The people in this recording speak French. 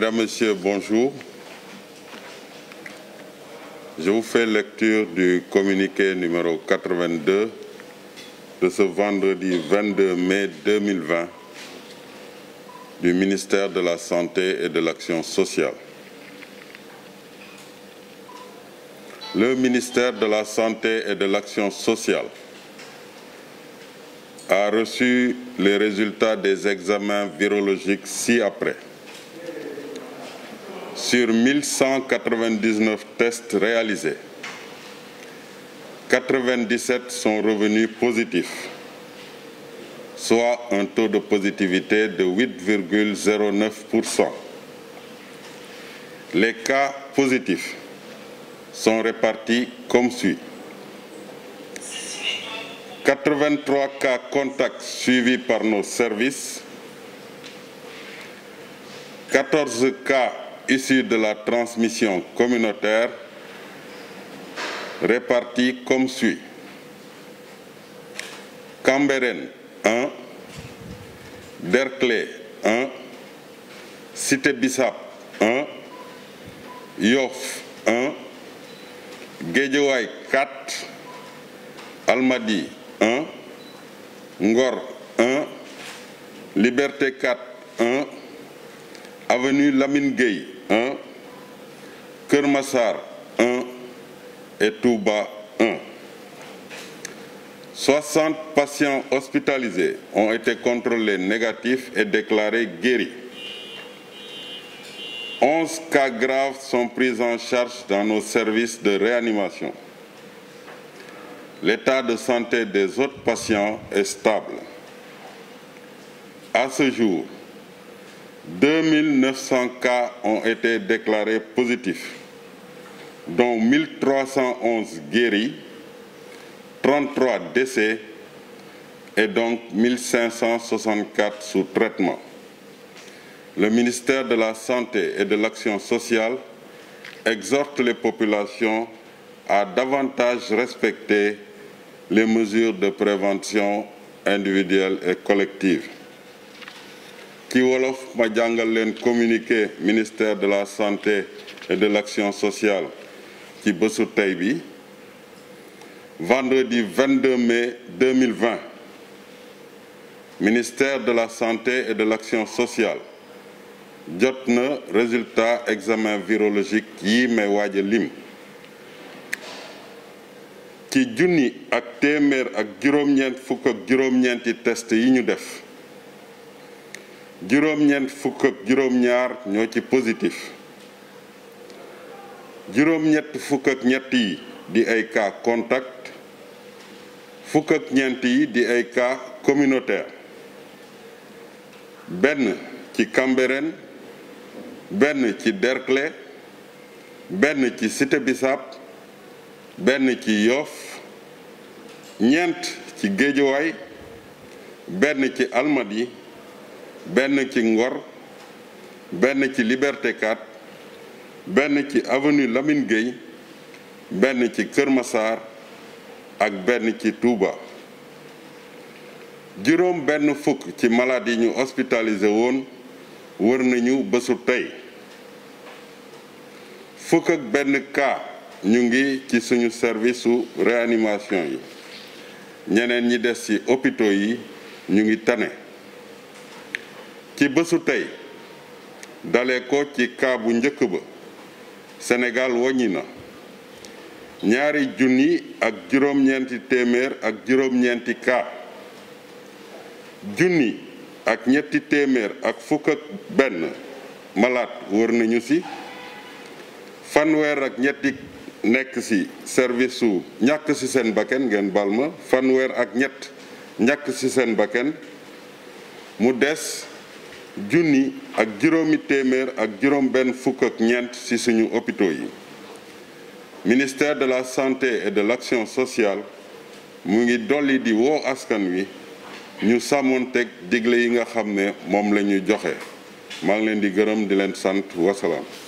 Mesdames, Messieurs, bonjour. Je vous fais lecture du communiqué numéro 82 de ce vendredi 22 mai 2020 du ministère de la Santé et de l'Action sociale. Le ministère de la Santé et de l'Action sociale a reçu les résultats des examens virologiques ci-après sur 1199 tests réalisés, 97 sont revenus positifs, soit un taux de positivité de 8,09%. Les cas positifs sont répartis comme suit. 83 cas contacts suivis par nos services, 14 cas issus de la transmission communautaire répartis comme suit. Cambérène 1, Derclé 1, Cité Bissap 1, Yoff 1, Guédiouaï 4, Almadi 1, Ngor 1, Liberté 4 1, Avenue Lamine Gueye 1, Kermassar 1 et Touba 1. 60 patients hospitalisés ont été contrôlés négatifs et déclarés guéris. 11 cas graves sont pris en charge dans nos services de réanimation. L'état de santé des autres patients est stable. À ce jour, 2900 cas ont été déclarés positifs, dont 1311 guéris, 33 décès et donc 1564 sous traitement. Le ministère de la Santé et de l'Action sociale exhorte les populations à davantage respecter les mesures de prévention individuelle et collective. Qui wolof ma communiqué ministère de la santé et de l'action sociale qui bésu vendredi 22 mai 2020 ministère de la santé et de l'action sociale Jotne, résultat examen virologique yi me Wadje a lim qui junni ak téeméer ak juróom-ñeent fukk ak juróom-ñaar ñoo ci positif juróom-ñett fukk ak ñett yi di ay cas contact fukk ak yi di ay cas communautaire benn ci Cambérène benn ci Derklé benn ci Cité Bissap benn ci Yoff ñeent ci Géejawaay benn ci Almadi benn ci Ngor benn ci Liberté benn ci avenue Lamine Gueye benn ci Kër Massar ak benn ci Touba juróom benn fukk ci malade yi ñu hospitalisé woon wër nañu bésu tey fukk ak benn cas ñu ngi ci suñu service su réanimation yi ñeneen ñi des ci hôpitaux yi ñu ngi tane ci bésu tey dale ko ci cas bu njëkk ba Sénégal na ñaari junni ak juróom-ñeenti téeméer ak juróom-ñeenti ka junni ak ñetti téeméer ak fukk ak benn malaat wër nañu ci fanweer ak ñetti nekk ci service su ci seen ngeen ak ñett ñàkk ci seen mu junni ak juróomi téeméer ak juróom benn fukk ak ñeent ci suñu hôpitaux yi ministère de la santé et de l'action sociale mu ngi dolli di woo askan wi ñu sàmmoonteeg digle yi nga xam ne moom la ñu joxe maa ngi leen di gërëm di leen sant wasalaam